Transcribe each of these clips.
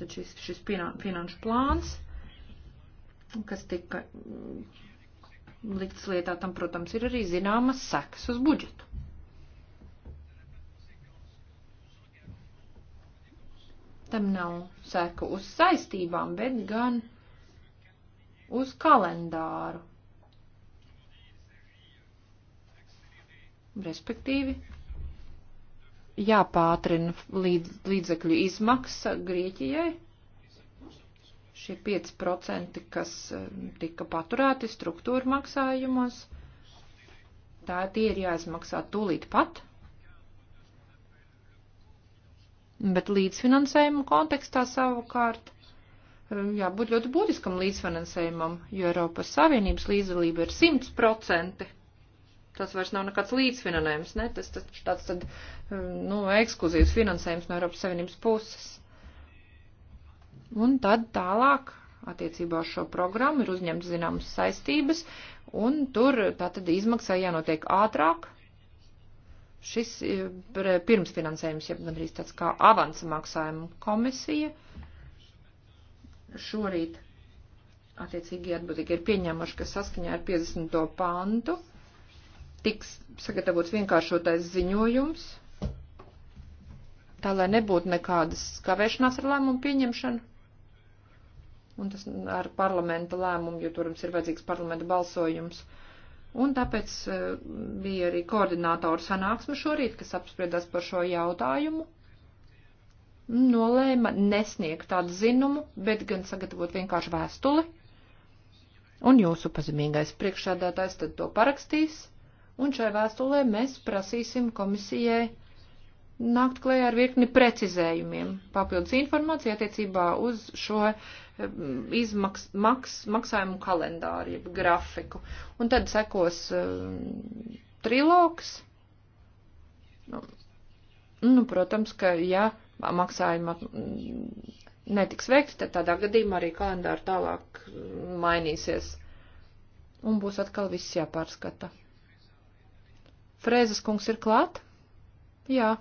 Tātad šis, šis finanšu plāns, kas tika mm, likts lietā, tam, protams, ir arī zināmas sekas uz budžetu. Tam nav seka uz saistībām, bet gan uz kalendāru. Respektīvi, jāpātrina līdz, līdzekļu izmaksa Grieķijai. Šie 5%, kas eh, tika paturēti struktūra maksājumos, tā tie ir jāizmaksā tūlīt pat. Bet līdzfinansējuma kontekstā savukārt eh, jābūt ļoti būtiskam līdzfinansējumam, jo Eiropas Savienības līdzdalība ir 100%. Tas vairs nav nekāds līdzfinanējums, ne? Tas, tas tāds tad nu, ekskluzīvs finansējums no Eiropas Savienības puses. Un tad tālāk, attiecībā uz šo programmu, ir uzņemts zināmas saistības, un tur tātad izmaksā jānotiek ātrāk. Šis e, pirmsfinansējums, ja gandrīz tāds kā avansa maksājuma komisija, šorīt attiecīgi atbildīgi ir pieņēmuši, ka saskaņā ar 50. pantu tiks sagatavots vienkāršotais ziņojums tā lai nebūtu nekādas kavēšanās ar lēmumu pieņemšanu. Un tas ar parlamenta lēmumu, jo, protams, ir vajadzīgs parlamenta balsojums. Un tāpēc e, bija arī koordinātoru sanāksme šorīt, kas apspriedās par šo jautājumu. Nolēma nesniegt tādu zinumu, bet gan sagatavot vienkārši vēstuli. Un jūsu pazemīgais priekšsēdētājs tad to parakstīs. Un šai vēstulē mēs prasīsim komisijai nākt klējā ar virkni precizējumiem, papildus informāciju attiecībā uz šo eh, izmaks, maks, maksājumu kalendāru, jeb grafiku. Un tad sekos uh, trilogs. Nu, nu, protams, ka, ja maksājuma mm, netiks veikts, tad tādā gadījumā arī kalendāri tālāk mm, mainīsies. Un būs atkal viss jāpārskata. Frēzes kungs ir klāt? Jā.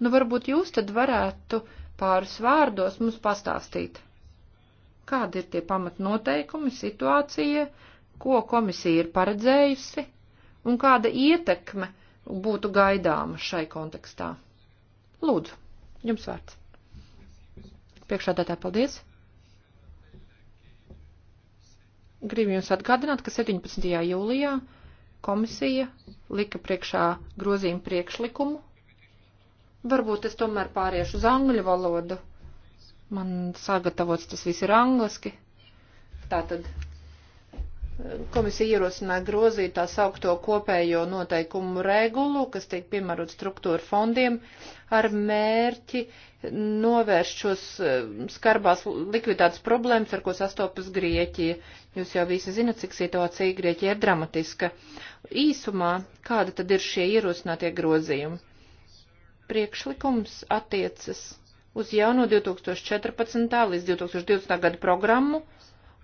Nu, varbūt jūs tad varētu pāris vārdos mums pastāstīt, kādi ir tie pamatnoteikumi, situācija, ko komisija ir paredzējusi un kāda ietekme būtu gaidāma šai kontekstā. Lūdzu, jums vārds. Priekšādātā paldies. Gribu jums atgādināt, ka 17. jūlijā komisija lika priekšā grozījumu priekšlikumu Varbūt es tomēr pāriešu uz angļu valodu. Man sagatavots tas viss ir angliski. Tātad eh, komisija ierosināja grozīt tā saukto kopējo noteikumu regulu, kas tiek piemērot struktūra fondiem, ar mērķi novērst šos eh, skarbās likviditātes problēmas, ar ko sastopas Grieķija. Jūs jau visi zinat, cik situācija Grieķija ir dramatiska. Īsumā, kāda tad ir šie ierosinātie grozījumi? priekšlikums attiecas uz jauno 2014. līdz 2020. gada programmu,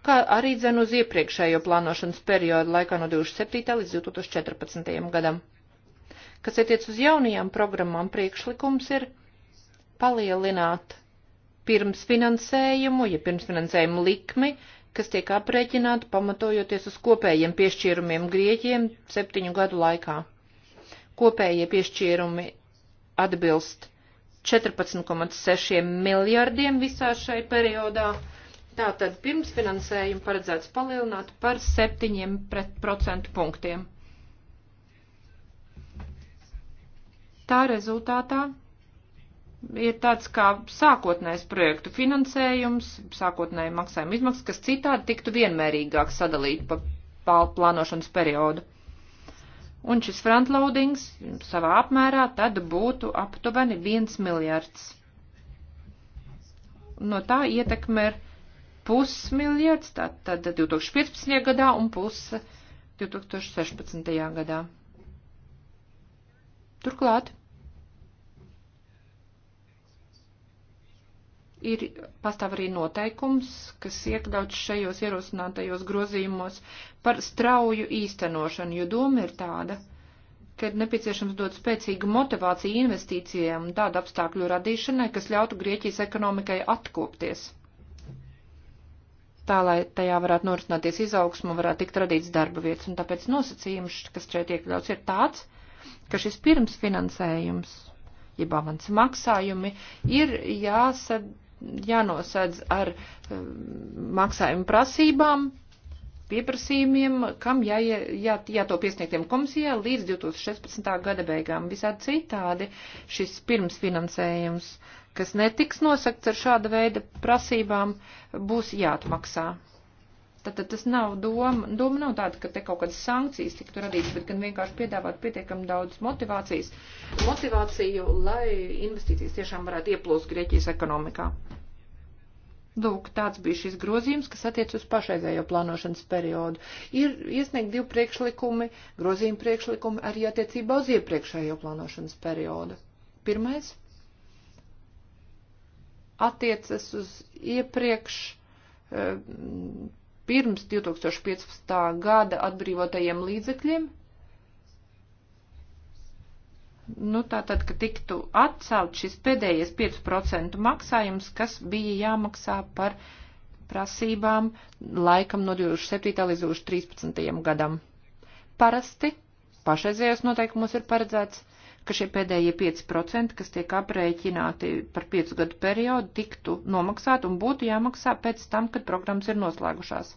kā arī dzen uz iepriekšējo plānošanas periodu laikā no 2007. līdz 2014. gadam. Kas attiec uz jaunajām programmām, priekšlikums ir palielināt pirmsfinansējumu, ja pirmsfinansējumu likmi, kas tiek aprēķināta pamatojoties uz kopējiem piešķīrumiem Grieķiem septiņu gadu laikā. Kopējie piešķīrumi atbilst 14,6 miljardiem visā šai periodā. Tātad pirmsfinansējumu paredzēts palielināt par 7% punktiem. Tā rezultātā ir tāds kā sākotnējs projektu finansējums, sākotnēji maksājuma izmaksas, kas citādi tiktu vienmērīgāk sadalīt pa plānošanas periodu. Un šis frontloadings savā apmērā tad būtu aptuveni 1 miljards. No tā ietekme ir pusmiljards, tad, tad 2015. gadā un puse 2016. gadā. Turklāt. ir pastāv arī noteikums, kas iekļauts šajos ierosinātajos grozījumos par strauju īstenošanu, jo doma ir tāda, ka ir nepieciešams dot spēcīgu motivāciju investīcijām un tādu apstākļu radīšanai, kas ļautu Grieķijas ekonomikai atkopties. Tā, lai tajā varētu norisināties izaugsmu, varētu tikt radīts darba vietas, un tāpēc nosacījums, kas šeit iekļauts, ir tāds, ka šis pirmsfinansējums jeb avans maksājumi, ir jāsad, jānosedz ar um, maksājumu prasībām, pieprasījumiem, kam jā, jā, jāto piesniegtiem komisijā līdz 2016. gada beigām. Visādi citādi šis pirmsfinansējums, kas netiks nosakts ar šāda veida prasībām, būs jāatmaksā. Tātad tas nav doma, doma nav tāda, ka te kaut kādas sankcijas tiktu radītas, bet gan vienkārši piedāvāt pietiekami daudz motivācijas, motivāciju, lai investīcijas tiešām varētu ieplūst Grieķijas ekonomikā. Lūk, tāds bija šis grozījums, kas attiec uz pašreizējo plānošanas periodu. Ir iesniegt divi priekšlikumi, grozījuma priekšlikumi arī attiecībā uz iepriekšējo plānošanas periodu. Pirmais attiecas uz iepriekš uh, pirms 2015. gada atbrīvotajiem līdzekļiem. Nu, tā tad, ka tiktu atcelt šis pēdējais 5% maksājums, kas bija jāmaksā par prasībām laikam no 2007. līdz 2013. gadam. Parasti pašreizējos noteikumos ir paredzēts ka šie pēdējie 5%, kas tiek aprēķināti par 5 gadu periodu, tiktu nomaksāti un būtu jāmaksā pēc tam, kad programmas ir noslēgušās.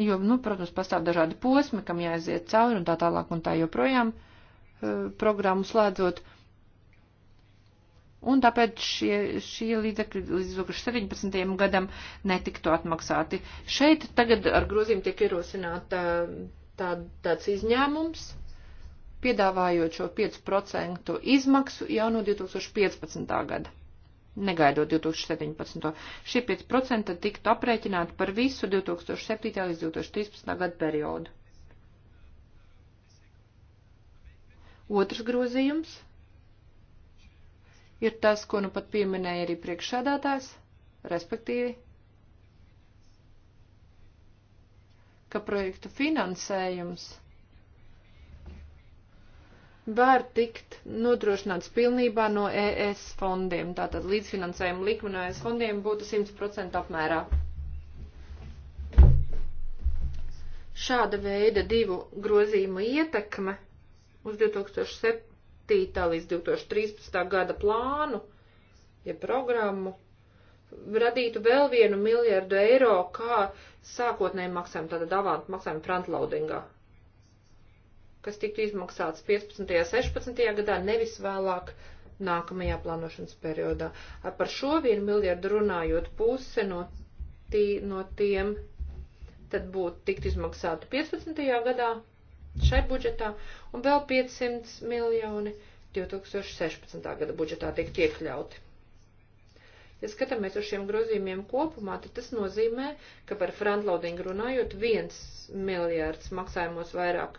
Jo, nu, protams, pastāv dažādi posmi, kam jāaiziet cauri un tā tālāk un tā joprojām eh, programmu slēdzot. Un tāpēc šie, šie līdzekļi līdz 2017. gadam netiktu atmaksāti. Šeit tagad ar grozīm tiek ierosināta eh, tā, tāds izņēmums piedāvājot šo 5% izmaksu jau no 2015. gada. Negaidot 2017. Šie 5% tiktu aprēķināti par visu 2007. līdz 2013. gada periodu. Otrs grozījums ir tas, ko nu pat pieminēja arī priekšsēdētājs, respektīvi, ka projektu finansējums – var tikt nodrošināts pilnībā no ES fondiem. Tātad līdzfinansējuma likme no ES fondiem būtu 100% apmērā. Šāda veida divu grozījumu ietekme uz 2007. līdz 2013. gada plānu, ja programmu, radītu vēl vienu miljardu eiro, kā sākotnēji maksājumu, tātad avantu maksājumu frontloadingā kas tiktu izmaksāts 15. un 16. gadā, nevis vēlāk nākamajā plānošanas periodā. Par šo vienu miljardu runājot, puse no, tī, no tiem tad būtu tikt izmaksāta 15. gadā šai budžetā un vēl 500 miljoni 2016. gada budžetā tiek iekļauti. Ja skatāmies uz šiem grozījumiem kopumā, tad tas nozīmē, ka par frontloadingu runājot, viens miljārds maksājumos vairāk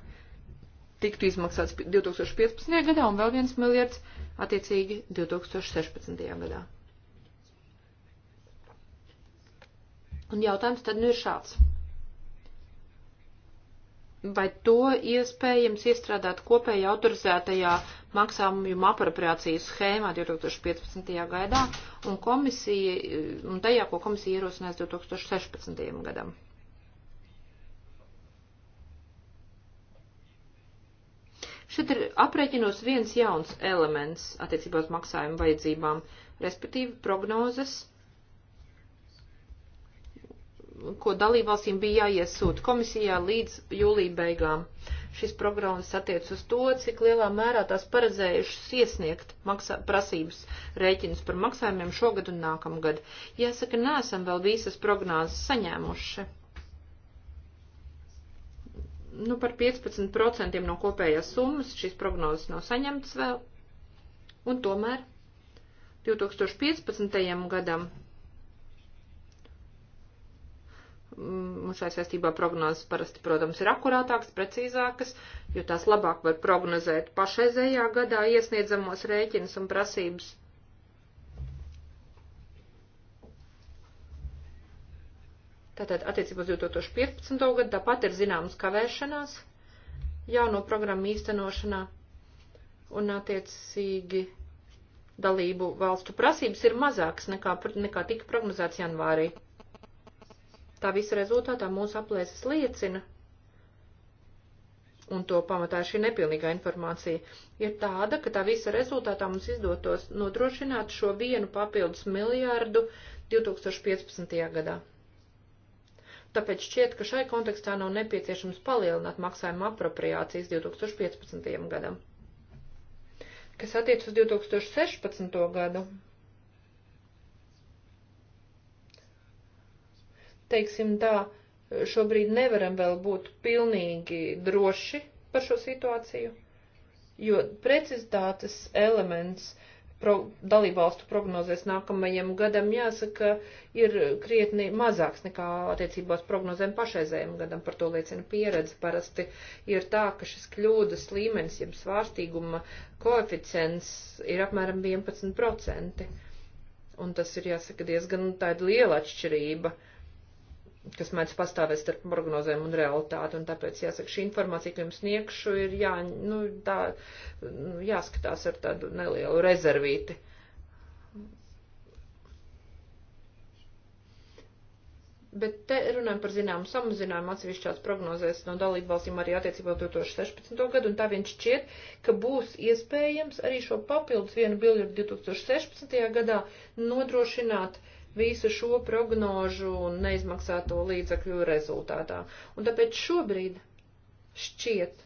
tiktu izmaksāts 2015. gadā un vēl viens miljards attiecīgi 2016. gadā. Un jautājums tad nu ir šāds. Vai to iespējams iestrādāt kopēji autorizētajā maksājuma apropriācijas schēmā 2015. gadā un, komisija, e, un tajā, ko komisija ierosinās 2016. gadam? Šeit ir aprēķinos viens jauns elements attiecībā uz maksājumu vajadzībām, respektīvi prognozes, ko dalībvalstīm bija jāiesūta komisijā līdz jūlija beigām. Šis programmas attiec uz to, cik lielā mērā tās paredzējušas iesniegt maksā, prasības rēķinus par maksājumiem šogad un nākamgad. Jāsaka, nesam vēl visas prognozes saņēmuši nu, par 15% no kopējās summas šīs prognozes nav saņemtas vēl, un tomēr 2015. gadam mums mm, šai saistībā prognozes parasti, protams, ir akurātākas, precīzākas, jo tās labāk var prognozēt pašreizējā gadā iesniedzamos rēķinus un prasības. Tātad attiecībā uz 2015. gadu tāpat ir zināmas kavēšanās jauno programmu īstenošanā un attiecīgi dalību valstu prasības ir mazākas nekā, nekā tika prognozēts janvārī. Tā visa rezultātā mūsu aplēses liecina, un to pamatā šī nepilnīgā informācija, ir tāda, ka tā visa rezultātā mums izdotos nodrošināt šo vienu papildus miljārdu 2015. gadā tāpēc šķiet, ka šai kontekstā nav nepieciešams palielināt maksājuma apropriācijas 2015. gadam. Kas attiec uz 2016. gadu, teiksim tā, šobrīd nevaram vēl būt pilnīgi droši par šo situāciju, jo precizitātes elements uh, pro, dalībvalstu prognozēs nākamajam gadam, jāsaka, ir krietni mazāks nekā attiecībās prognozēm pašreizējiem gadam. Par to liecina pieredze. Parasti ir tā, ka šis kļūdas līmenis, jeb svārstīguma koeficients ir apmēram 11%. Un tas ir, jāsaka, diezgan tāda liela atšķirība. Uh, kas mēdz pastāvēt starp prognozēm un realitāti, un tāpēc jāsaka, šī informācija, ko jums sniegšu, ir jā, nu, tā, nu, jāskatās ar tādu nelielu rezervīti. Bet te runājam par zināmu samazinājumu atsevišķās prognozēs no dalību valstīm arī attiecībā 2016. gadu, un tā viņš šķiet, ka būs iespējams arī šo papildus vienu biljardu 2016. gadā nodrošināt uh, visu šo prognožu un neizmaksāto līdzakļu rezultātā. Un tāpēc šobrīd šķiet,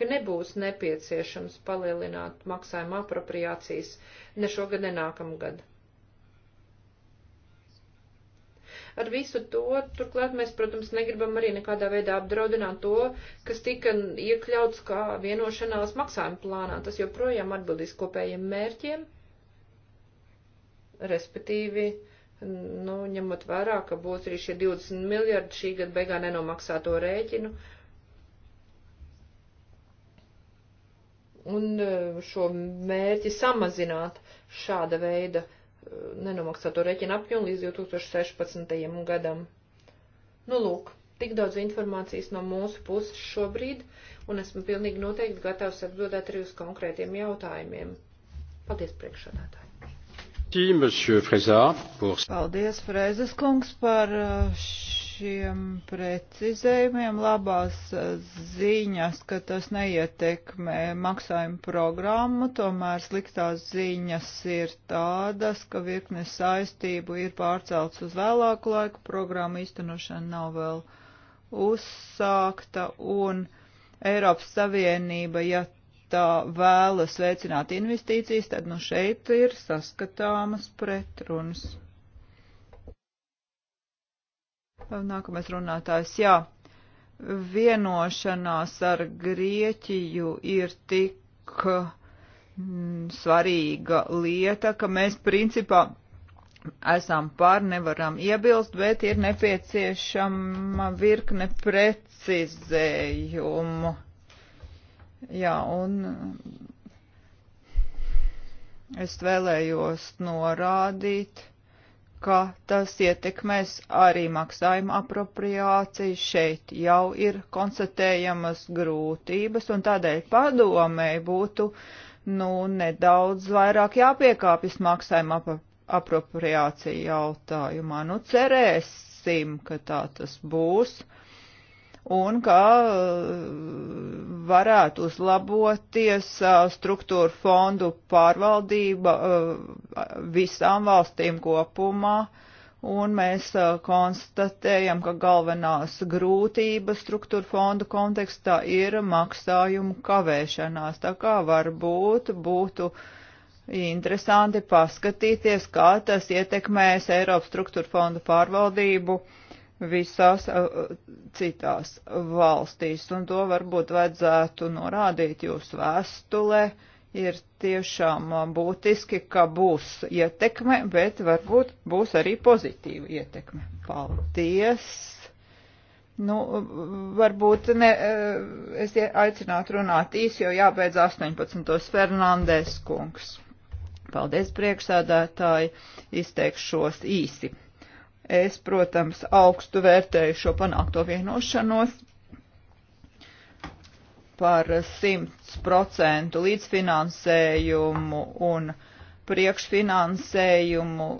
ka nebūs nepieciešams palielināt maksājuma apropriācijas ne šogad, ne nākamgad. Ar visu to, turklāt mēs, protams, negribam arī nekādā veidā apdraudināt to, kas tika iekļauts kā vienošanās maksājuma plānā. Tas joprojām atbildīs kopējiem mērķiem, respektīvi uh, nu, ņemot vērā, ka būs arī šie 20 miljardi šī gada beigā nenomaksāto rēķinu. Un eh, šo mērķi samazināt šāda veida eh, nenomaksāto rēķinu apjomu līdz 2016. gadam. Nu, lūk, tik daudz informācijas no mūsu puses šobrīd, un esmu pilnīgi noteikti gatavs atbildēt arī uz konkrētiem jautājumiem. Paldies, priekšsādātāji! Paldies, Frezes kungs, par uh, šiem precizējumiem. Labās uh, ziņas, ka tas neietekmē maksājumu programmu, tomēr sliktās ziņas ir tādas, ka virknes saistību ir pārcelts uz vēlāku laiku, programma īstenošana nav vēl uzsākta un Eiropas Savienība, ja tā vēlas veicināt investīcijas, tad nu šeit ir saskatāmas pretrunas. Nākamais runātājs, jā, vienošanās ar Grieķiju ir tik mm, svarīga lieta, ka mēs principā esam pār, nevaram iebilst, bet ir nepieciešama virkne precizējumu Jā, un es vēlējos norādīt, ka tas ietekmēs arī maksājuma apropriāciju. Šeit jau ir konstatējamas grūtības, un tādēļ padomēji būtu nu, nedaudz vairāk jāpiekāpjas maksājuma ap apropriācija jautājumā. Nu, cerēsim, ka tā tas būs un ka uh, varētu uzlaboties uh, struktūra fondu pārvaldība uh, visām valstīm kopumā. Un mēs konstatējam, ka galvenās grūtības struktūra fondu kontekstā ir maksājumu kavēšanās. Tā kā varbūt būtu interesanti paskatīties, kā tas ietekmēs Eiropas struktūra fondu pārvaldību uh, visās uh, citās valstīs, un to varbūt vajadzētu norādīt jūsu vēstulē. Ir tiešām uh, būtiski, ka būs ietekme, bet varbūt būs arī pozitīva ietekme. Paldies! Nu, varbūt ne, uh, es aicinātu runāt īsi, jo jābeidz 18. Fernandes kungs. Paldies priekšsādātāji, izteikšos īsi. Es, protams, augstu vērtēju šo panākto vienošanos par 100% līdzfinansējumu un priekšfinansējumu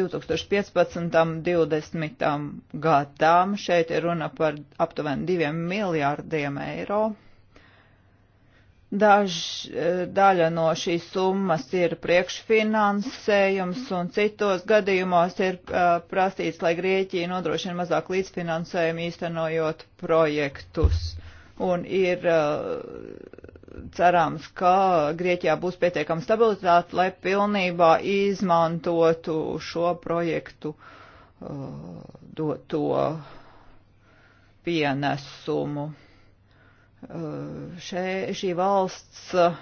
2015. un 2020. gadām. Šeit ir runa par aptuveni 2 miljārdiem eiro. Daž, eh, daļa no šīs summas ir priekšfinansējums, un citos gadījumos ir uh, prasīts, lai Grieķija nodrošina mazāk līdzfinansējumu īstenojot projektus. Un ir uh, cerams, ka Grieķijā būs pietiekama stabilitāte, lai pilnībā izmantotu šo projektu uh, doto pienesumu. Eh, še, šī valsts eh,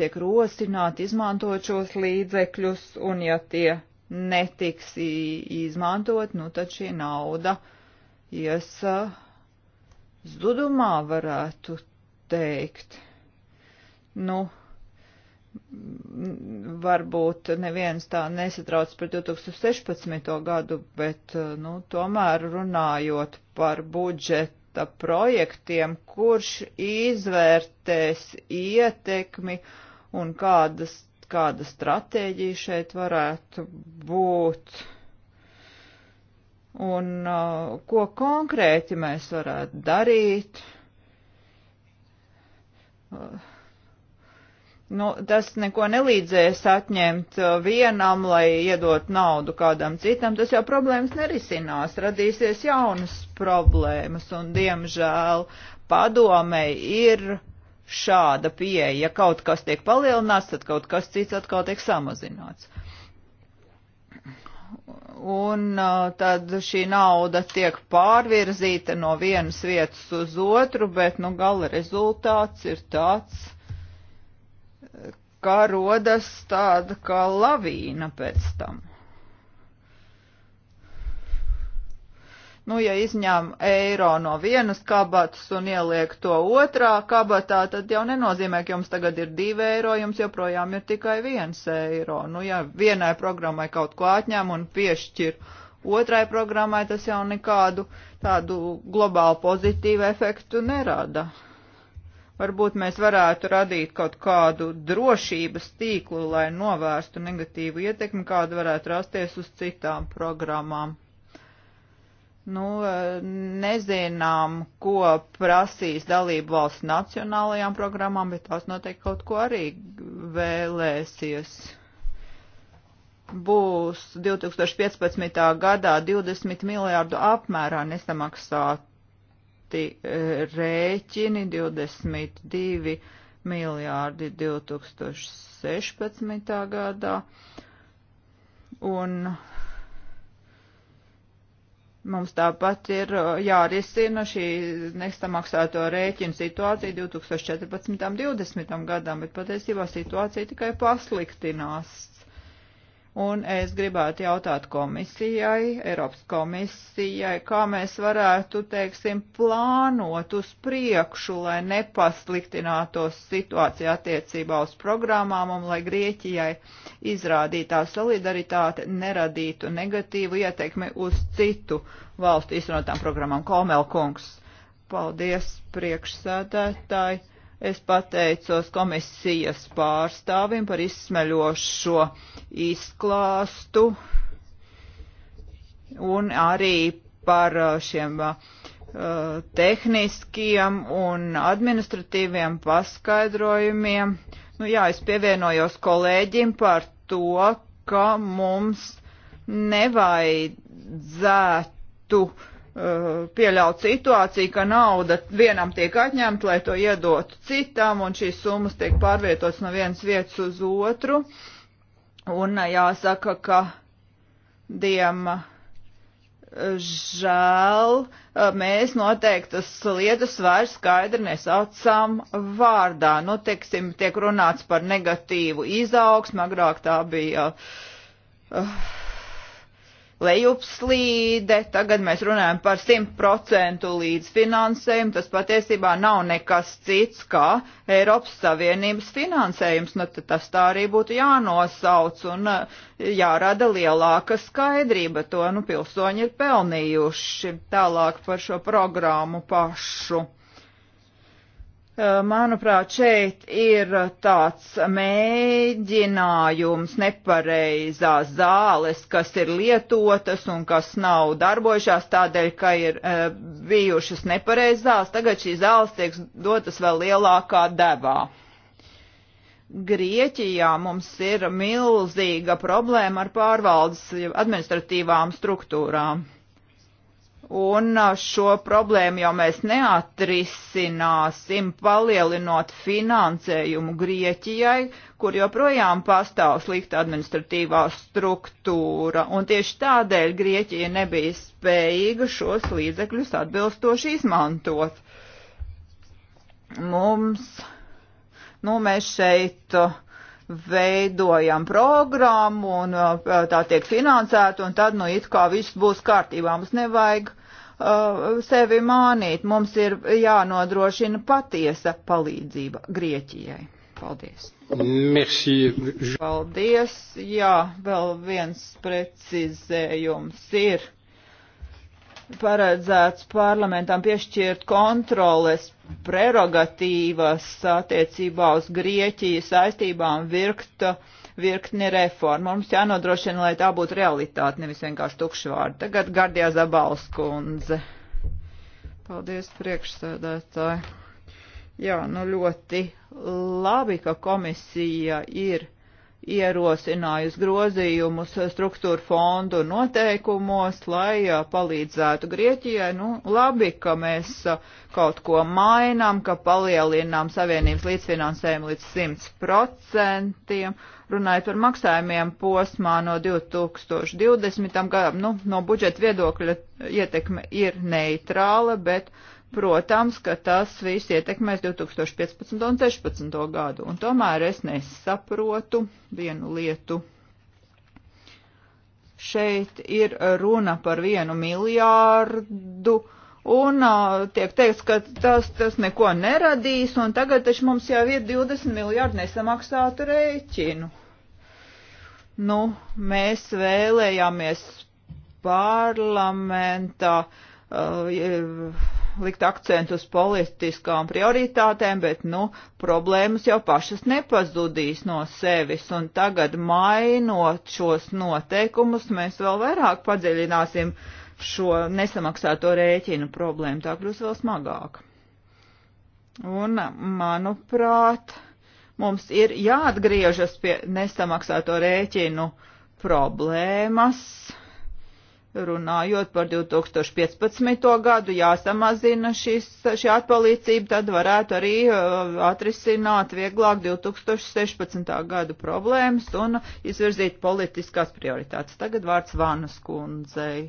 tiek rosināti izmantot šos līdzekļus, un ja tie netiks izmantot, nu tad šī nauda ies zudumā, varētu teikt. Nu, varbūt neviens tā nesatrauc par 2016. gadu, bet, eh, nu, tomēr runājot par budžetu, budžeta projektiem, kurš izvērtēs ietekmi un kādas, kāda stratēģija šeit varētu būt. Un uh, ko konkrēti mēs varētu darīt? Uh, Nu, tas neko nelīdzēs atņemt uh, vienam, lai iedot naudu kādam citam. Tas jau problēmas nerisinās, radīsies jaunas problēmas, un diemžēl padomei ir šāda pieeja. Ja kaut kas tiek palielināts, tad kaut kas cits atkal tiek samazināts. Un uh, tad šī nauda tiek pārvirzīta no vienas vietas uz otru, bet nu gala rezultāts ir tāds ka rodas tāda kā lavīna pēc tam. Nu, ja izņem eiro no vienas kabatas un ieliek to otrā kabatā, tad jau nenozīmē, ka jums tagad ir divi eiro, jums joprojām ir tikai viens eiro. Nu, ja vienai programmai kaut ko atņem un piešķir otrai programmai, tas jau nekādu tādu globālu pozitīvu efektu nerada. Varbūt mēs varētu radīt kaut kādu drošības tīklu, lai novērstu negatīvu ietekmi, kāda varētu rasties uz citām programmām. Nu, e, nezinām, ko prasīs dalību valsts nacionālajām programmām, bet tās noteikti kaut ko arī vēlēsies būs 2015. gadā 20 miljārdu apmērā nesamaksāt minēti e, rēķini 22 miljārdi 2016. gadā. Un mums tāpat ir e, jārisina šī nestamaksāto rēķinu situācija 2014. un 2020. gadam, bet patiesībā situācija tikai pasliktinās Un es gribētu jautāt komisijai, Eiropas komisijai, kā mēs varētu, teiksim, plānot uz priekšu, lai nepasliktinātos situācija attiecībā uz programmām un lai Grieķijai izrādītā solidaritāte neradītu negatīvu ietekmi uz citu valstu izrunotām programmām. Komel kungs, paldies priekšsēdētāji Es pateicos komisijas pārstāvim par izsmeļošo izklāstu un arī par uh, šiem uh, tehniskiem un administratīviem paskaidrojumiem. Nu, jā, es pievienojos kolēģim par to, ka mums nevajadzētu uh, pieļaut situāciju, ka nauda vienam tiek atņemta, lai to iedotu citam, un šīs summas tiek pārvietotas no vienas vietas uz otru. Un eh, jāsaka, ka diem žēl, eh, mēs noteiktas lietas vairs skaidri nesaucām vārdā. Nu, teiksim, tiek runāts par negatīvu izaugsmu, agrāk tā bija. Uh, lejupslīde, tagad mēs runājam par 100% līdzfinansējumu, tas patiesībā nav nekas cits kā Eiropas Savienības finansējums, nu tad tas tā arī būtu jānosauc un eh, jārada lielāka skaidrība, to nu pilsoņi ir pelnījuši tālāk par šo programmu pašu. Manuprāt, šeit ir tāds mēģinājums nepareizās zāles, kas ir lietotas un kas nav darbojušās tādēļ, ka ir e, bijušas nepareizās. Tagad šīs zāles tiek dotas vēl lielākā devā. Grieķijā mums ir milzīga problēma ar pārvaldes administratīvām struktūrām. Un šo problēmu jau mēs neatrisināsim, palielinot finansējumu Grieķijai, kur joprojām pastāv slikta administratīvā struktūra. Un tieši tādēļ Grieķija nebija spējīga šos līdzekļus atbilstoši izmantot. Mums, nu, mēs šeit uh, veidojam programmu un tā tiek finansēta, un tad, nu, it kā viss būs kārtībā. Mums nevajag Uh, sevi mānīt. Mums ir jānodrošina patiesa palīdzība Grieķijai. Paldies. Merci. Paldies. Jā, vēl viens precizējums ir paredzēts parlamentam piešķirt kontroles prerogatīvas attiecībā uz Grieķijas saistībām virkta uh, virkni reformu. Mums jānodrošina, lai tā būtu realitāte, nevis vienkārši tukšvārdi. Tagad Gardijā Zabalskundze. Paldies, priekšsēdētāji. Jā, nu ļoti labi, ka komisija ir ierosinājusi grozījumus struktūra fondu noteikumos, lai palīdzētu Grieķijai. Nu, labi, ka mēs kaut ko mainām, ka palielinām savienības līdzfinansējumu līdz 100%. Runājot par maksājumiem posmā no 2020. gadam, nu, no budžeta viedokļa ietekme ir neitrāla, bet uh, Protams, ka tas viss ietekmēs 2015 un 2016 gadu, un tomēr es nesaprotu vienu lietu. Šeit ir runa par vienu miljārdu, un uh, tiek teikts, ka tas, tas neko neradīs, un tagad taču mums jau ir 20 miljārdu nesamaksātu rēķinu. Nu, mēs vēlējāmies parlamentā. Uh, likt akcentu uz politiskām prioritātēm, bet, nu, problēmas jau pašas nepazudīs no sevis, un tagad mainot šos noteikumus, mēs vēl vairāk padziļināsim šo nesamaksāto rēķinu problēmu, tā kļūs vēl smagāk. Un, manuprāt, mums ir jāatgriežas pie nesamaksāto rēķinu problēmas runājot par 2015. gadu, jāsamazina šis, šī atpalīdzība, tad varētu arī uh, atrisināt vieglāk 2016. gadu problēmas un izvirzīt politiskās prioritātes. Tagad vārds Vānas kundzei.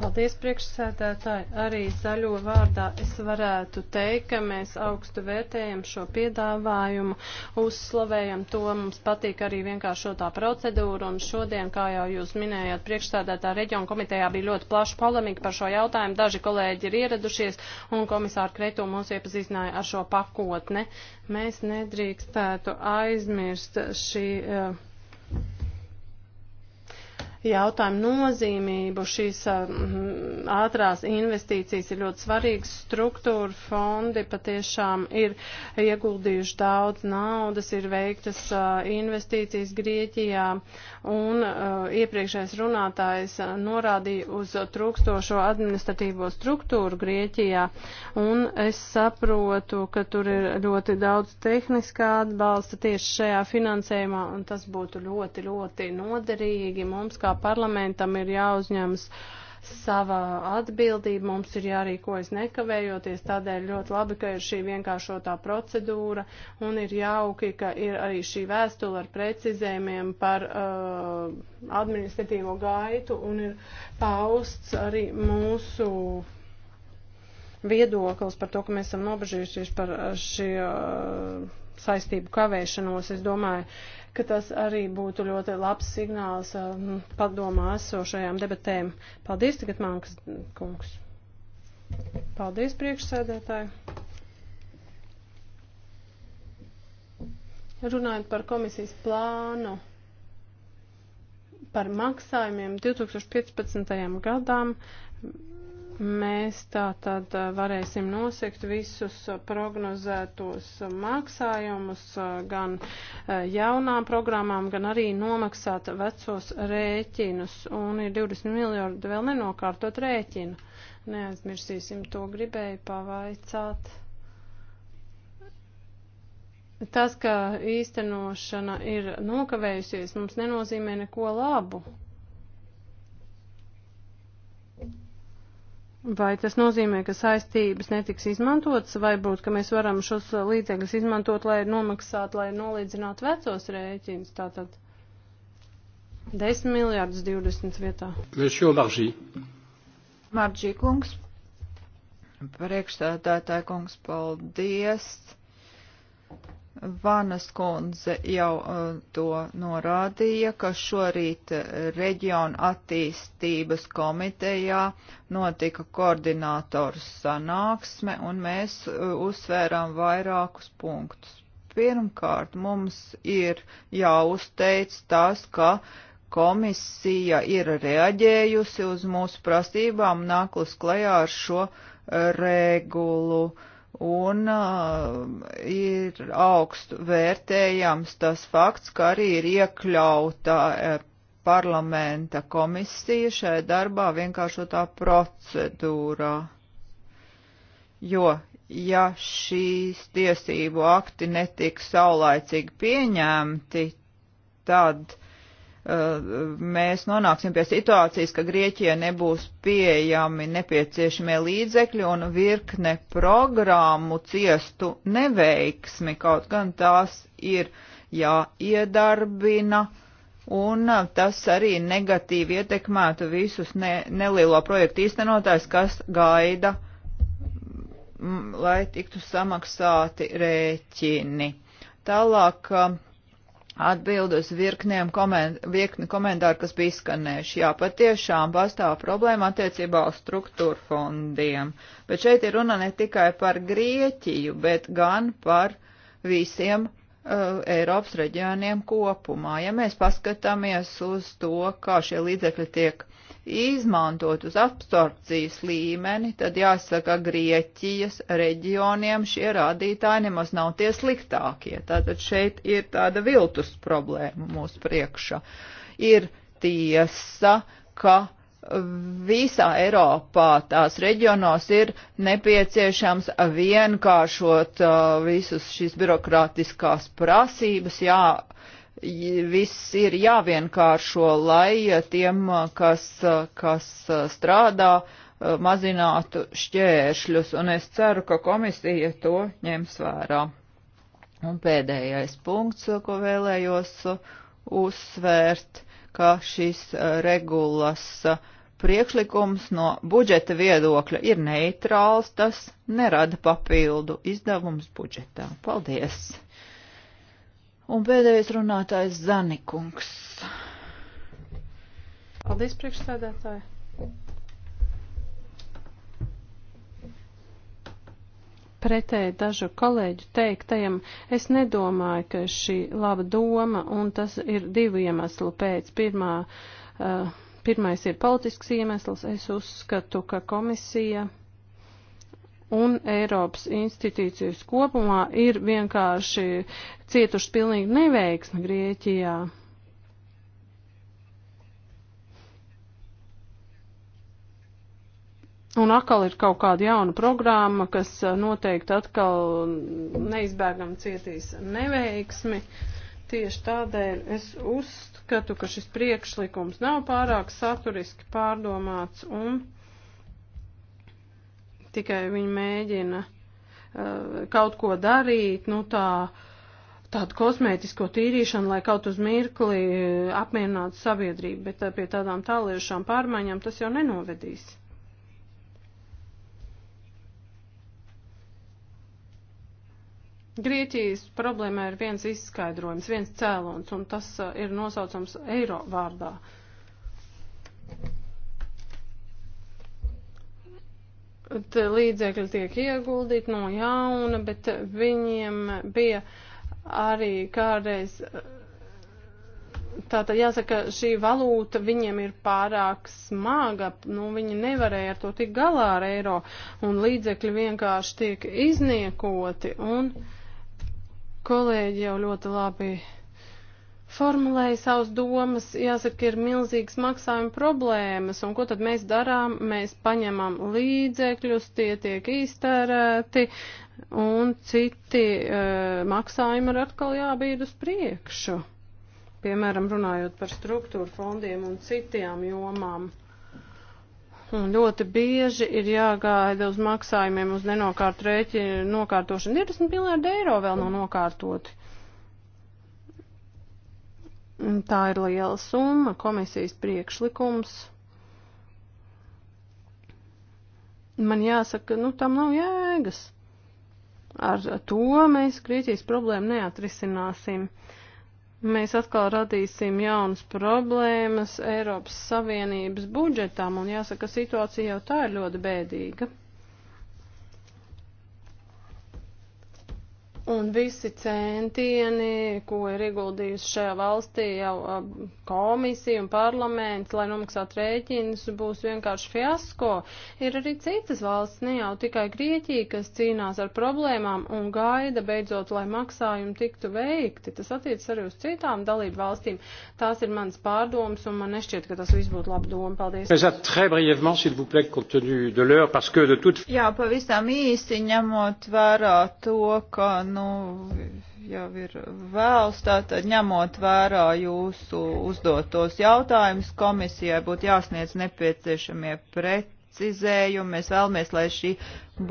Paldies, priekšsēdētāji. Arī zaļo vārdā es varētu teikt, ka mēs augstu vērtējam šo piedāvājumu, uzslavējam to, mums patīk arī vienkāršotā procedūra, un šodien, kā jau jūs minējāt, priekšsēdētā reģiona komitejā bija ļoti plaša polemika par šo jautājumu, daži kolēģi ir ieradušies, un komisāra Kretu mūs iepazīstināja ar šo pakotne. Mēs nedrīkstētu aizmirst šī. Uh, jautājumu nozīmību. Šīs um, ātrās investīcijas ir ļoti svarīgas. Struktūra fondi patiešām ir ieguldījuši daudz naudas, ir veiktas uh, investīcijas Grieķijā, un uh, iepriekšējais runātājs uh, norādīja uz trūkstošo administratīvo struktūru Grieķijā, un es saprotu, ka tur ir ļoti daudz tehniskā atbalsta tieši šajā finansējumā, un tas būtu ļoti, ļoti noderīgi mums kā kā parlamentam ir jāuzņemas savā atbildība, mums ir jārīkojas nekavējoties, tādēļ ļoti labi, ka ir šī vienkāršotā procedūra un ir jauki, ka ir arī šī vēstule ar precizējumiem par uh, administratīvo gaitu un ir pausts arī mūsu viedoklis par to, ka mēs esam nobežījušies par šī. Uh, uh saistību kavēšanos. Es domāju, ka tas arī būtu ļoti labs signāls um, padomā esošajām debatēm. Paldies, tagad Mankas kungs. Paldies, priekšsēdētāji. Runājot par komisijas plānu par maksājumiem 2015. gadām Mēs tā tad eh, varēsim nosekt visus eh, prognozētos maksājumus eh, gan jaunām programmām, gan arī nomaksāt vecos rēķinus. Un ir 20 miljardi vēl nenokārtot rēķinu. Neaizmirsīsim to gribēju pavaicāt. Tas, ka īstenošana ir nokavējusies, mums nenozīmē neko labu. Vai tas nozīmē, ka saistības netiks izmantotas, vai būt, ka mēs varam šos līdzekļus izmantot, lai nomaksātu, lai nolīdzinātu vecos rēķinus, tātad 10 miljārdus 20 vietā? Šo maržī. Maržī kungs, priekšstādātāja kungs, paldies. Vanas kundze jau uh, to norādīja, ka šorīt uh, reģiona attīstības komitejā notika koordinātoru sanāksme, un mēs uh, uzsvērām vairākus punktus. Pirmkārt, mums ir jāuzteic tas, ka komisija ir reaģējusi uz mūsu prasībām, nāklus klajā ar šo uh, regulu. Uh, un uh, ir augstu vērtējams tas fakts, ka arī ir iekļauta uh, parlamenta komisija šajā darbā vienkāršotā procedūrā. Jo, ja šīs tiesību akti netiks saulaicīgi pieņemti, tad Eh, mēs nonāksim pie situācijas, ka Grieķijai nebūs pieejami nepieciešamie līdzekļi un virkne programmu ciestu neveiksmi, kaut gan tās ir jāiedarbina. Un tas arī negatīvi ietekmētu visus ne, nelielo projektu īstenotājs, kas gaida, m, mm, lai tiktu samaksāti rēķini. Tālāk. Uh, atbild uz virkniem koment, virkni komentāru, kas bija skanējuši. Jā, patiešām pastāv problēma attiecībā uz struktūra fondiem, bet šeit ir runa ne tikai par Grieķiju, bet gan par visiem uh, Eiropas reģioniem kopumā. Ja mēs paskatāmies uz to, kā šie līdzekļi tiek uh, izmantot uz absorpcijas līmeni, tad jāsaka, Grieķijas reģioniem šie rādītāji nemaz nav tie sliktākie. Tātad šeit ir tāda viltus problēma mūsu priekšā. Ir tiesa, ka visā Eiropā tās reģionos ir nepieciešams vienkāršot uh, visus šīs birokrātiskās prasības, jā, uh, viss ir jāvienkāršo, lai eh, tiem, eh, kas, eh, kas strādā, mazinātu šķēršļus, un es ceru, ka komisija to ņems vērā. Un pēdējais punkts, ko vēlējos uzsvērt, ka šis regulas priekšlikums no budžeta viedokļa ir neitrāls, tas nerada papildu izdevums budžetā. Paldies! Un pēdējais runātājs Zanikungs. Paldies, priekšsēdētāji. Pretēji dažu kolēģu teiktajam, es nedomāju, ka šī laba doma, un tas ir divu iemeslu pēc. Pirmā, uh, pirmais ir politisks iemesls. Es uzskatu, ka komisija un Eiropas institīcijas kopumā ir vienkārši cietuši pilnīgi neveiksmi Grieķijā. Un atkal ir kaut kāda jauna programma, kas noteikti atkal neizbēgam cietīs neveiksmi. Tieši tādēļ es uzskatu, ka šis priekšlikums nav pārāk saturiski pārdomāts un tikai viņi mēģina uh, kaut ko darīt, nu tā, tādu kosmētisko tīrīšanu, lai kaut uz mirkli uh, apmierinātu sabiedrību, bet uh, pie tādām tāliešām pārmaiņām tas jau nenovedīs. Grieķijas problēmai ir viens izskaidrojums, viens cēlons, un tas uh, ir nosaucams eiro vārdā. līdzekļi tiek ieguldīti no jauna, bet viņiem bija arī kādreiz. Tātad jāsaka, šī valūta viņiem ir pārāk smaga, nu viņi nevarēja ar to tik galā ar eiro, un līdzekļi vienkārši tiek izniekoti, un kolēģi jau ļoti labi formulēja savas domas, jāsaka, ir milzīgas maksājuma problēmas, un ko tad mēs darām? Mēs paņemam līdzekļus, tie tiek iztērēti, un citi uh, maksājumi ir atkal jābīd uz priekšu. Piemēram, runājot par struktūru fondiem un citām jomām. Un ļoti bieži ir jāgaida uz maksājumiem uz nenokārt rēķinu nokārtošanu. 20 miljārdi eiro vēl nav nokārtoti. Tā ir liela summa, komisijas priekšlikums. Man jāsaka, nu tam nav jēgas. Ar to mēs Grieķijas problēmu neatrisināsim. Mēs atkal radīsim jaunas problēmas Eiropas Savienības budžetām, un jāsaka, situācija jau tā ir ļoti bēdīga. Un visi centieni, ko ir ieguldījusi šajā valstī jau komisija un parlaments, lai nomaksātu rēķinus, būs vienkārši fiasko. Ir arī citas valsts, ne jau tikai Grieķija, kas cīnās ar problēmām un gaida beidzot, lai maksājumi tiktu veikti. Tas attiecas arī uz citām dalību valstīm. Tās ir mans pārdoms un man nešķiet, ka tas viss būtu laba doma. Paldies. Jā, pavisam īsi ņemot vērā to, ka. Nu, nu, jau ir vēls, tātad ņemot vērā jūsu uzdotos jautājumus, komisijai būtu jāsniedz nepieciešamie precizējumi. Mēs vēlamies, lai šī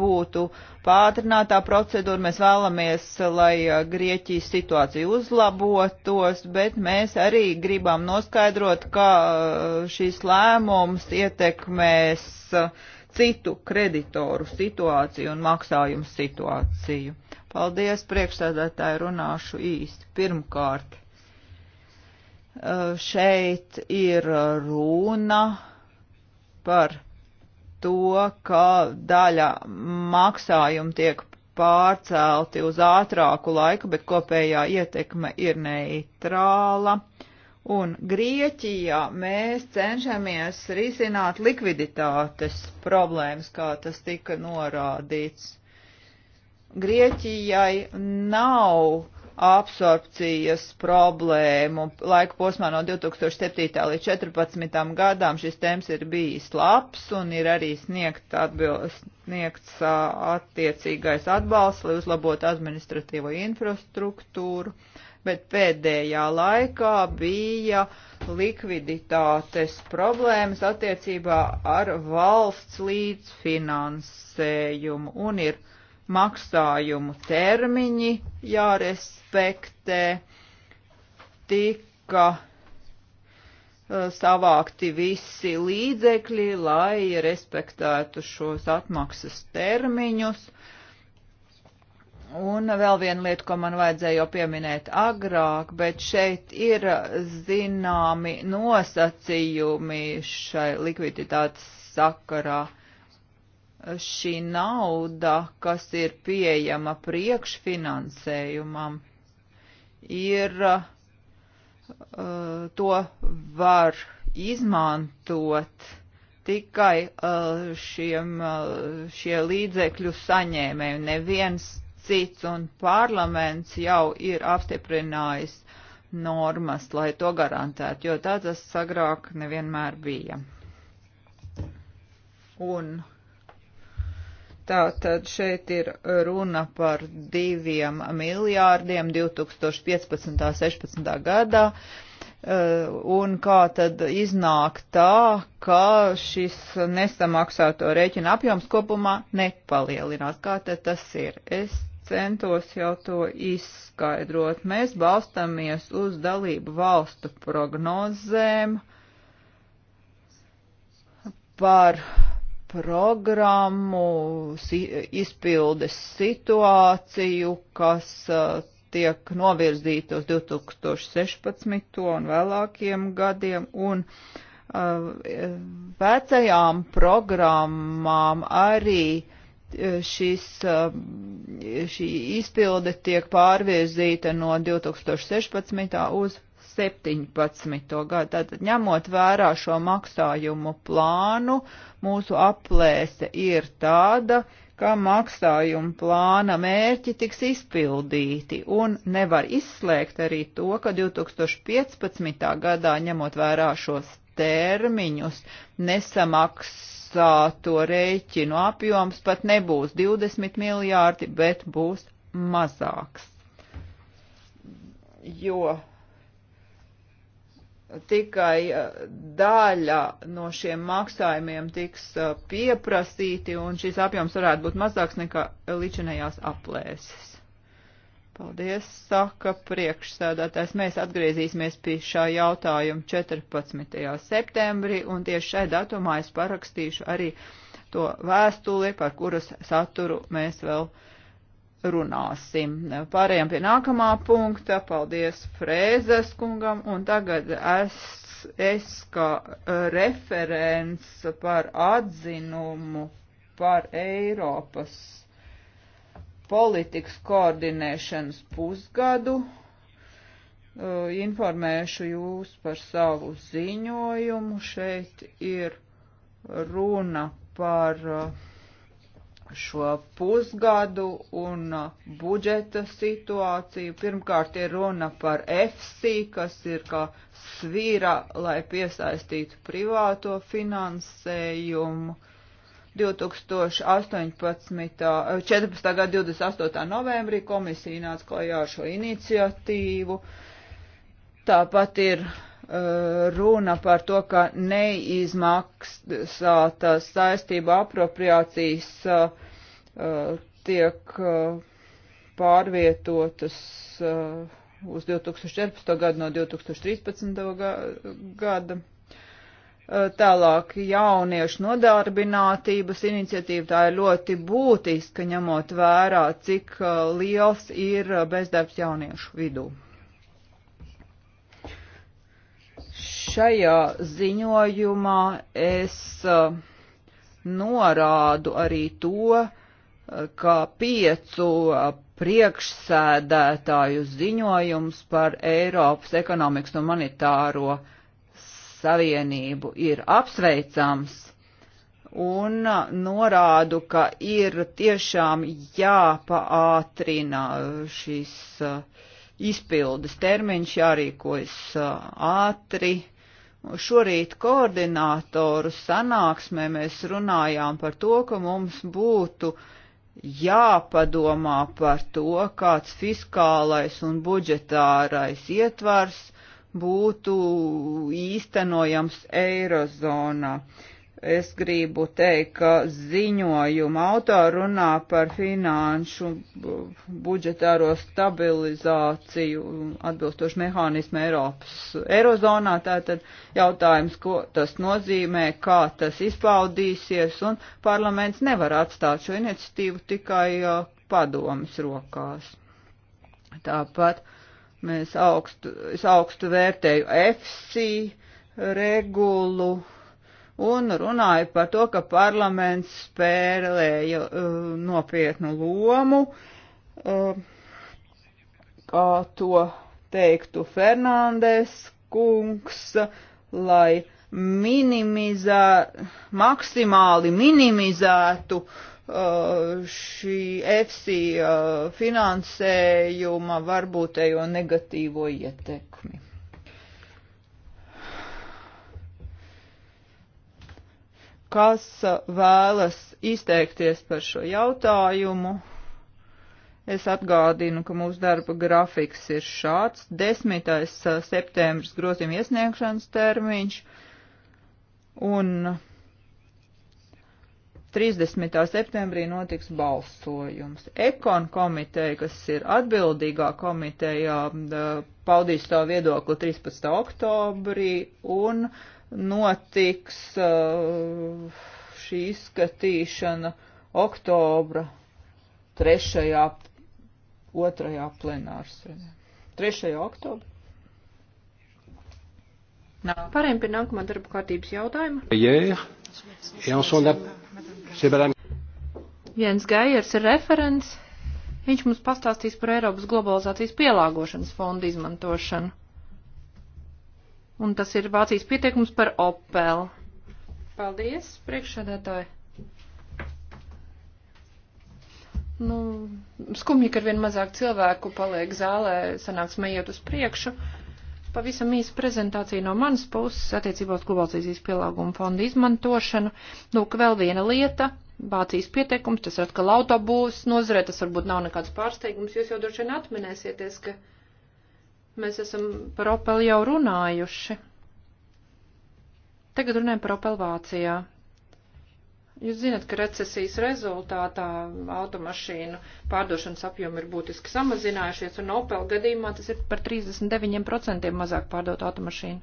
būtu pātrinātā procedūra, mēs vēlamies, lai uh, Grieķijas situācija uzlabotos, bet mēs arī gribam noskaidrot, kā uh, šīs lēmums ietekmēs uh, citu kreditoru situāciju un maksājumu situāciju. Paldies, priekšsēdētāji, runāšu īsti. Pirmkārt, eh, šeit ir runa par to, ka daļa maksājumu tiek pārcelti uz ātrāku laiku, bet kopējā ietekme ir neitrāla. Un Grieķijā mēs cenšamies risināt likviditātes problēmas, kā tas tika norādīts. Grieķijai nav absorpcijas problēmu. Laika posmā no 2007. līdz 2014. gadām šis temps ir bijis labs un ir arī sniegt atbilst, sniegts attiecīgais atbalsts, lai uzlabotu administratīvo infrastruktūru. Uh, bet pēdējā laikā bija likviditātes problēmas attiecībā ar valsts līdzfinansējumu un ir maksājumu termiņi jārespektē. Tika eh, savākti visi līdzekļi, lai respektētu šos atmaksas termiņus. Uh, Un vēl viena lieta, ko man vajadzēja jau pieminēt agrāk, bet šeit ir zināmi nosacījumi šai likviditātes sakarā. Šī nauda, kas ir pieejama priekšfinansējumam, ir uh, to var izmantot tikai uh, šiem, uh, šie līdzekļu saņēmēji. Neviens cits, un parlaments jau ir apstiprinājis normas, lai to garantētu, jo tā tas agrāk nevienmēr bija. Un Tātad šeit ir runa par diviem miljārdiem 2015. 16. gadā. Uh, un kā tad iznāk tā, ka šis nesamaksāto rēķina apjoms kopumā nepalielinās? Kā tad tas ir? Es centos jau to izskaidrot. Mēs balstamies uz dalību valstu prognozēm par programmu, si izpildes situāciju, kas uh, tiek novirzīta uz 2016. un vēlākiem gadiem, un uh, vecajām programmām arī uh, šis, eh, šī izpilde tiek pārvirzīta no 2016. uz 17. gadu. Tātad ņemot vērā šo maksājumu plānu, mūsu aplēse ir tāda, ka maksājuma plāna mērķi tiks izpildīti un nevar izslēgt arī to, ka 2015. gadā, ņemot vērā šos termiņus, nesamaks maksāto rēķinu apjoms pat nebūs 20 miljārdi, bet būs mazāks. Jo tikai eh, daļa no šiem maksājumiem tiks eh, pieprasīti, un šis apjoms varētu būt mazāks nekā līdzinējās aplēses. Paldies, saka priekšsēdētājs. Mēs atgriezīsimies pie šā jautājuma 14. septembrī, un tieši šai datumā es parakstīšu arī to vēstuli, par kuras saturu mēs vēl runāsim. Pārējām pie nākamā punkta. Paldies Frēzes kungam, un tagad es, es kā referents par atzinumu par Eiropas politikas koordinēšanas pusgadu. Uh, informēšu jūs par savu ziņojumu. Šeit ir runa par uh, šo pusgadu un uh, budžeta situāciju. Pirmkārt ir runa par FC, kas ir kā svīra, lai piesaistītu privāto finansējumu 2018. 14. Eh, gada 28. novembrī komisija nāca klajā ar šo iniciatīvu. Tāpat ir eh, runa par to, ka neizmaksātās eh, saistība apropriācijas tiek pārvietotas uz 2014. gadu no 2013. gada Eh, tālāk jauniešu nodarbinātības iniciatīva tā ir ļoti būtiska, ņemot vērā, cik eh, liels ir eh, bezdarbs jauniešu vidū. Šajā ziņojumā es norādu arī to, ka piecu priekšsēdētāju ziņojums par Eiropas ekonomikas un monetāro uh, Savienību ir apsveicams un norādu, ka ir tiešām jāpaātrina šis uh, izpildes termiņš, jārīkojas uh, ātri. Šorīt koordinātoru sanāksmē mēs runājām par to, ka mums būtu jāpadomā par to, kāds fiskālais un budžetārais ietvars būtu īstenojams Eirozonā. Es gribu teikt, ka ziņojuma autora runā par finanšu budžetāro stabilizāciju atbilstoši mehānismu Eiropas Eirozonā. Tātad jautājums, ko tas nozīmē, kā tas izpaudīsies, un parlaments nevar atstāt šo iniciatīvu tikai padomas rokās. Tāpat uh, Mēs augstu, es augstu vērtēju EFSI regulu un runāju par to, ka parlaments spēlēja uh, nopietnu lomu, uh, kā to teiktu Fernandes kungs, lai minimizē, maksimāli minimizētu uh, Uh, šī EFSI uh, finansējuma varbūtējo negatīvo ietekmi. Kas uh, vēlas izteikties par šo jautājumu? Es atgādinu, ka mūsu darba grafiks ir šāds. 10. septembris grozījuma iesniegšanas termiņš un 30. septembrī notiks balsojums. Ekon komiteja, kas ir atbildīgā komiteja, paudīs savu viedokli 13. oktobrī un notiks šī izskatīšana oktobra 3. otrajā plenārsēdē. 3. oktobra. Pārējiem pie nākamā darba kārtības jautājuma. Hier, et en son appel Jens Gaiers ir referents. Viņš mums pastāstīs par Eiropas globalizācijas pielāgošanas fondu izmantošanu. Un tas ir Vācijas pieteikums par Opel. Paldies, priekšsēdētāji. Nu, skumji, ka vien mazāk cilvēku paliek zālē, sanāksmē iet uz priekšu. Uh, Pavisam īsa prezentācija no manas puses attiecībā uz globalizācijas pielāgumu fondu izmantošanu. Lūk, vēl viena lieta. Vācijas pieteikums, tas atkal autobūs nozarē, tas varbūt nav nekāds pārsteigums. Jūs jau droši vien atminēsieties, ka mēs esam par Opel jau runājuši. Tagad runājam par Opel Vācijā. Jūs zināt, ka recesijas rezultātā automašīnu pārdošanas apjomi ir būtiski samazinājušies, un Opel gadījumā tas ir par 39% mazāk pārdot automašīnu.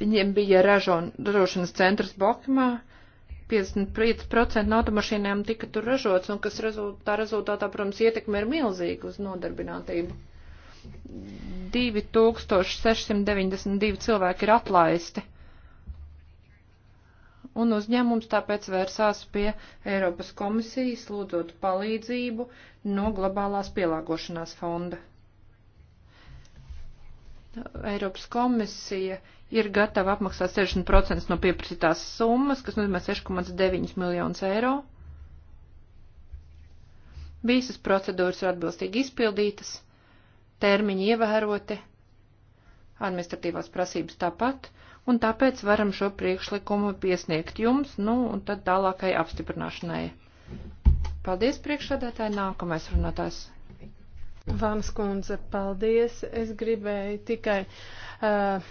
Viņiem bija ražon, ražošanas centrs Bokmā, 55% no automašīnām tika tur ražots, un kas rezult, tā rezultātā, protams, ietekme ir milzīga uz nodarbinātību. 2692 cilvēki ir atlaisti un uzņēmums tāpēc vērsās pie Eiropas komisijas, lūdzot palīdzību no globālās pielāgošanās fonda. Eiropas komisija ir gatava apmaksāt 60% no pieprasītās summas, kas nozīmē 6,9 miljonus eiro. Visas procedūras ir atbilstīgi izpildītas, termiņi ievēroti, administratīvās prasības tāpat, un tāpēc varam šo priekšlikumu piesniegt jums, nu, un tad tālākai apstiprināšanai. Paldies, priekšsēdētāji, nākamais runātājs. Vānskundze, paldies. Es gribēju tikai. Uh,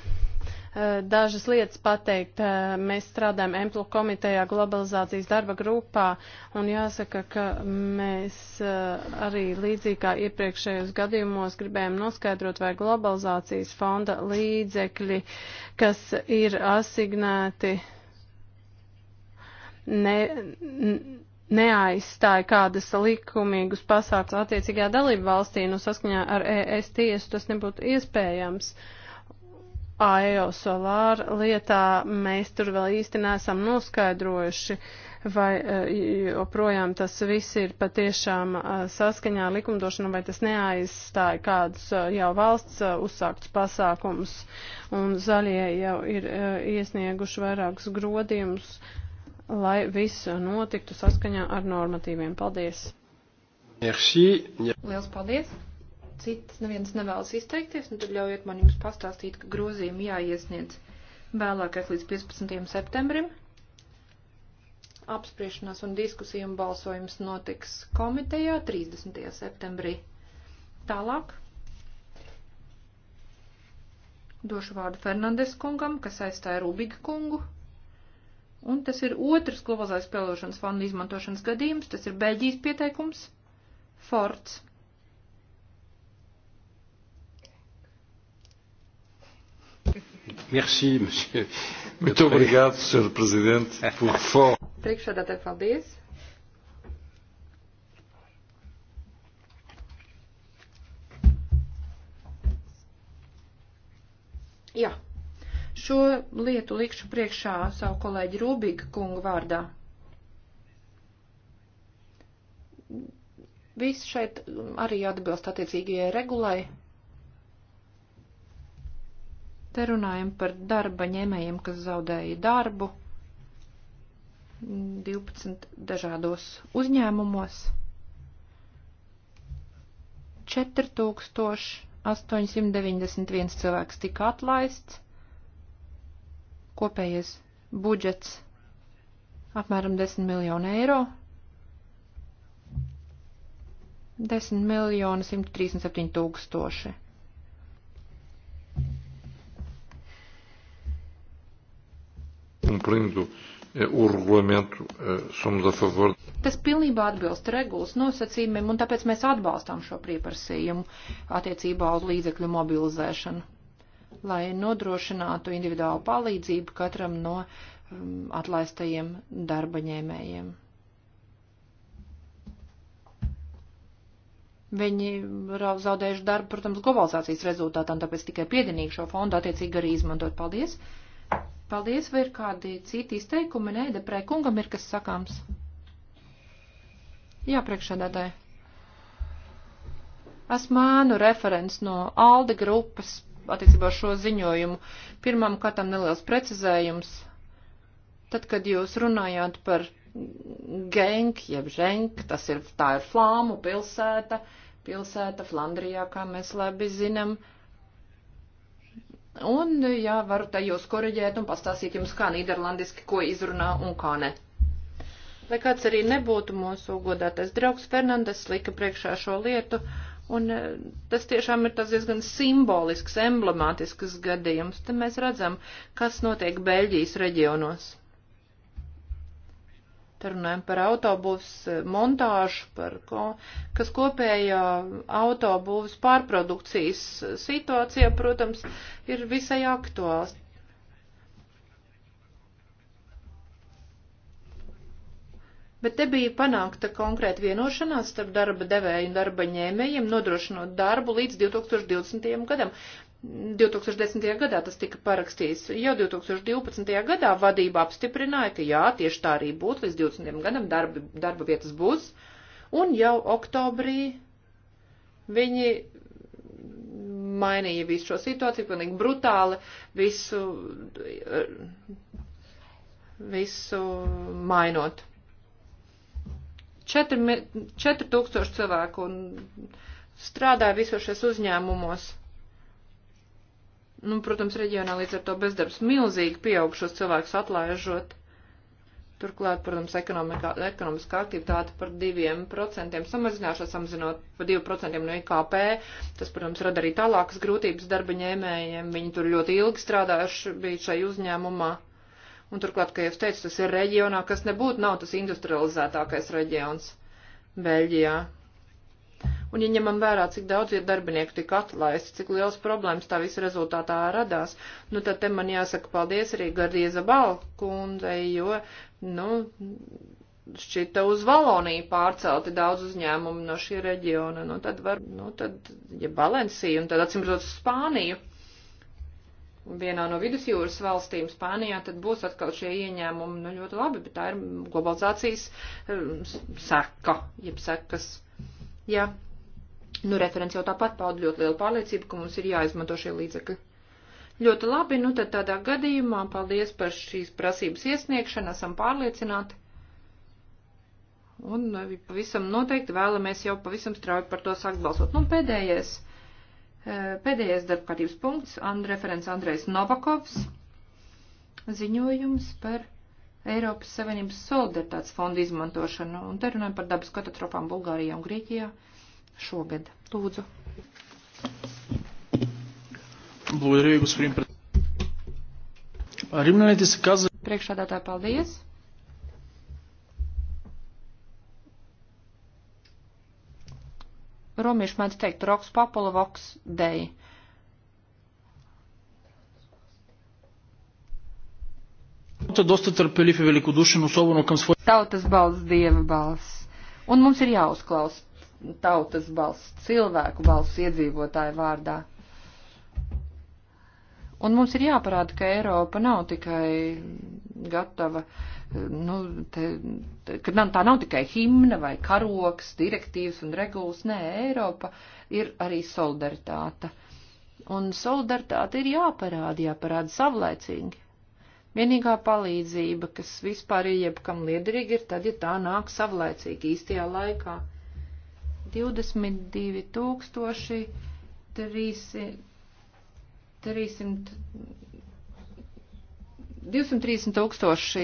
dažas lietas pateikt. Eh, mēs strādājam Emplu komitejā globalizācijas darba grupā un jāsaka, ka mēs eh, arī līdzīgi kā iepriekšējos gadījumos gribējām noskaidrot, vai globalizācijas fonda līdzekļi, kas ir asignēti, ne, neaizstāja kādas likumīgus pasākums attiecīgajā dalību valstī, nu saskaņā ar ES tiesu tas nebūtu iespējams. Uh, Aeosolāra lietā mēs tur vēl īsti nesam noskaidrojuši, vai eh, joprojām tas viss ir patiešām eh, saskaņā likumdošana, vai tas neaizstāja kādus eh, jau valsts uzsāktus pasākumus, un zaļie jau ir iesnieguši vairākus grodījumus, lai viss notiktu saskaņā ar normatīviem. Paldies! Merci. Liels paldies! citas neviens nevēlas izteikties, nu tad ļaujiet man jums pastāstīt, ka grozījumi jāiesniedz vēlākais līdz 15. septembrim. Apspriešanās un diskusiju un balsojums notiks komitejā 30. septembrī. Tālāk došu vārdu Fernandes kungam, kas aizstāja Rubiga kungu. Un tas ir otrs globalizācijas spēlošanas fonda izmantošanas gadījums, tas ir Beļģijas pieteikums, Forts Merci, monsieur. Muito obrigado, Sr. Presidente, por favor. Priekšsēdētāji, paldies. Jā, šo lietu likšu priekšā savu kolēģi Rūbīga kungu vārdā. Viss šeit arī atbilst attiecīgajai regulai, Te runājam par darba ņēmējiem, kas zaudēja darbu 12 dažādos uzņēmumos. 4891 cilvēks tika atlaists, kopējais budžets apmēram 10 miljonu eiro, 10 miljonu 137 tūkstoši. cumprindo eh, o regulamento, eh, somos a favor. Tas pilnībā atbilst regulas nosacījumiem, un tāpēc mēs atbalstām šo pieprasījumu attiecībā uz līdzekļu mobilizēšanu, lai nodrošinātu individuālu palīdzību katram no um, atlaistajiem darba ņēmējiem. Viņi ir zaudējuši darbu, protams, globalizācijas rezultātā, un tāpēc tikai piedienīgi šo fondu attiecīgi arī izmantot. Paldies! Paldies, vai ir kādi citi izteikumi? Nē, deprē, kungam ir kas sakāms. Jā, priekšādātāji. Esmu ēnu referents no ALDE grupas attiecībā ar šo ziņojumu. Pirmam katam neliels precizējums. Tad, kad jūs runājāt par Genk, jeb Ženk, tas ir, tā ir Flāmu pilsēta, pilsēta Flandrijā, kā mēs labi zinām. Uh, Un, jā, varu tajos koreģēt un pastāstīt jums, kā nīderlandiski, ko izrunā un kā ne. Lai kāds arī nebūtu mūsu godātais draugs Fernandes, lika priekšā šo lietu, un eh, tas tiešām ir tas diezgan simbolisks, emblemātisks gadījums. Te mēs redzam, kas notiek Beļģijas reģionos runājam par autobūvas eh, montāžu, par ko, kas kopējā autobūvas pārprodukcijas situācijā, protams, ir visai aktuāls. Bet te bija panākta konkrēta vienošanās starp darba devēju un darba ņēmējiem, nodrošinot darbu līdz 2020. gadam. 2010. gadā tas tika parakstīts. Jau 2012. gadā vadība apstiprināja, ka jā, tieši tā arī būs, līdz 20. gadam darba, darba vietas būs. Un jau oktobrī viņi mainīja visu šo situāciju, pilnīgi brutāli visu, visu mainot. 4000 cilvēku strādāja visos šajos uzņēmumos. Nu, protams, reģionā līdz ar to bezdarbs milzīgi pieaug šos cilvēkus atlaižot. Turklāt, protams, ekonomiskā aktivitāte par 2% samazināšās, samazinot par 2% no IKP. Tas, protams, rada arī tālākas grūtības darba ņēmējiem. Viņi tur ļoti ilgi strādājuši bija šai uzņēmumā. Un turklāt, kā jau es teicu, tas ir reģionā, kas nebūtu nav tas industrializētākais reģions Beļģijā. Un, ja ņemam vērā, cik daudz ir darbinieku tik atlaisti, cik liels problēmas tā visa rezultātā radās, nu tad te man jāsaka paldies arī Gardieza Balkundzei, jo, nu, šķita uz Valoniju pārcelti daudz uzņēmumu no šī reģiona, nu tad var, nu tad, ja Balencija, un tad atsimrot Spāniju, vienā no vidusjūras valstīm Spānijā, tad būs atkal šie ieņēmumi, nu ļoti labi, bet tā ir globalizācijas eh, seka, jeb sekas. Jā, Nu, referents jau tāpat pauda ļoti lielu pārliecību, ka mums ir jāizmanto šie līdzekļi. Ļoti labi, nu tad tādā gadījumā paldies par šīs prasības iesniegšanu, esam pārliecināti. Un nu, pavisam noteikti vēlamies jau pavisam strauji par to sākt balsot. Nu, pēdējais, eh, pēdējais darbkārtības punkts, and, referents Andrejs Novakovs, ziņojums par Eiropas Savienības solidaritātes fondu izmantošanu, un te runājam par dabas katastrofām Bulgārijā un Grieķijā. Uh, šogad. Lūdzu. Благодаря, господин Римляните се каза... Priekšādātāji, paldies! Romieši mēdz teikt Roks Papula Vox Dei. Tauta dosta tърпелив и великодушен, особено към своя... Tautas balss, dieva balss. Un mums ir jāuzklausa tautas balss, cilvēku balss iedzīvotāju vārdā. Un mums ir jāparāda, ka Eiropa nav tikai gatava, nu, te, te, ka tā nav tikai himna vai karoks, direktīvas un regulas. Nē, Eiropa ir arī solidaritāte. Un solidaritāte ir jāparāda, jāparāda savlaicīgi. Vienīgā palīdzība, kas vispār ir jebkam liederīga, ir tad, ja tā nāk savlaicīgi īstajā laikā. 22 tūkstoši 300, 230 tūkstoši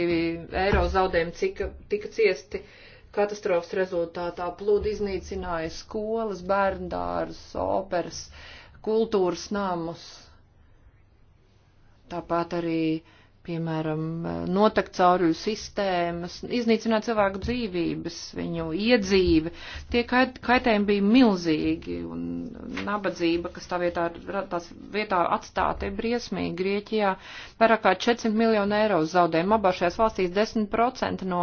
eiro zaudējumi tika, tika ciesti katastrofas rezultātā. Plūdi iznīcināja skolas, bērndārus, operas, kultūras namus. Tāpat arī uh, piemēram, notakt caurļu sistēmas, iznīcināt cilvēku dzīvības, viņu iedzīvi. Tie kait, kaitējumi bija milzīgi, un nabadzība, kas tā vietā, tās vietā atstāta, ir briesmīgi. Grieķijā vairāk kā 400 miljonu eiro zaudējumu abā šajās valstīs 10% no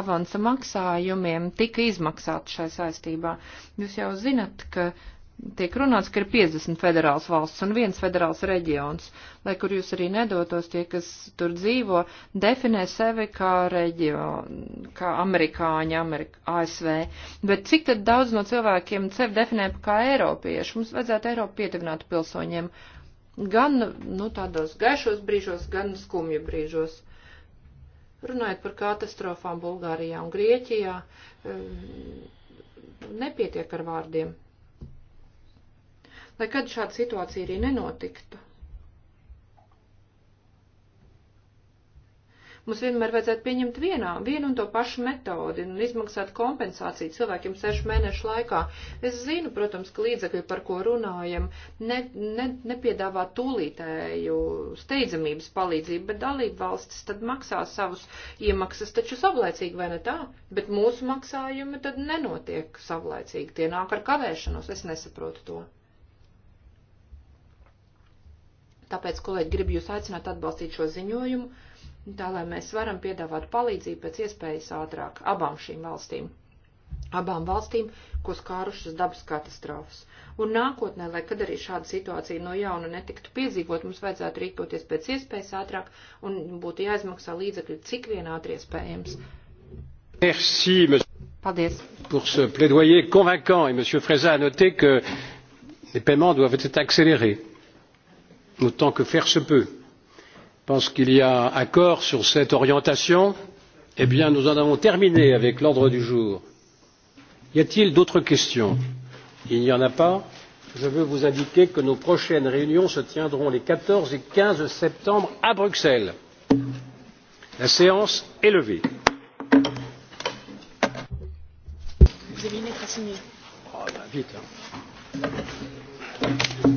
avansa maksājumiem tika izmaksāti šai saistībā. Jūs jau zinat, ka tiek runāts, ka ir 50 federāls valsts un viens federāls reģions, lai kur jūs arī nedotos, tie, kas tur dzīvo, definē sevi kā reģionu, kā amerikāņi, Amerika, ASV. Bet cik tad daudz no cilvēkiem sevi definē kā eiropieši? Mums vajadzētu Eiropu pietuvināt pilsoņiem gan, nu, tādos gaišos brīžos, gan skumju brīžos. Runājot par katastrofām Bulgārijā un Grieķijā, eh, nepietiek ar vārdiem lai kad šāda situācija arī nenotiktu. Mums vienmēr vajadzētu pieņemt vienā, vienu un to pašu metodi un izmaksāt kompensāciju cilvēkiem sešu mēnešu laikā. Es zinu, protams, ka līdzekļi, par ko runājam, ne, ne, nepiedāvā tūlītēju steidzamības palīdzību, bet dalību valstis tad maksā savus iemaksas taču savlaicīgi, vai ne tā? Bet mūsu maksājumi tad nenotiek savlaicīgi, tie nāk ar kavēšanos, es nesaprotu to. Tāpēc, kolēģi, gribu jūs aicināt atbalstīt šo ziņojumu, tā lai mēs varam piedāvāt palīdzību pēc iespējas ātrāk abām šīm valstīm. Abām valstīm, ko skārušas dabas katastrofas. Un nākotnē, lai kad arī šāda situācija no jauna netiktu piedzīvot, mums vajadzētu rīkoties pēc iespējas ātrāk un būtu jāizmaksā līdzekļi cik vien ātri iespējams. Merci, Paldies. Pour ce plaidoyer convaincant, et M. Freza a noté que les paiements doivent être accélérés autant que faire se peut. Je pense qu'il y a accord sur cette orientation. Eh bien, nous en avons terminé avec l'ordre du jour. Y a-t-il d'autres questions Il n'y en a pas. Je veux vous indiquer que nos prochaines réunions se tiendront les 14 et 15 septembre à Bruxelles. La séance est levée. Vous allez mettre à signer. Oh, bah, vite. Hein.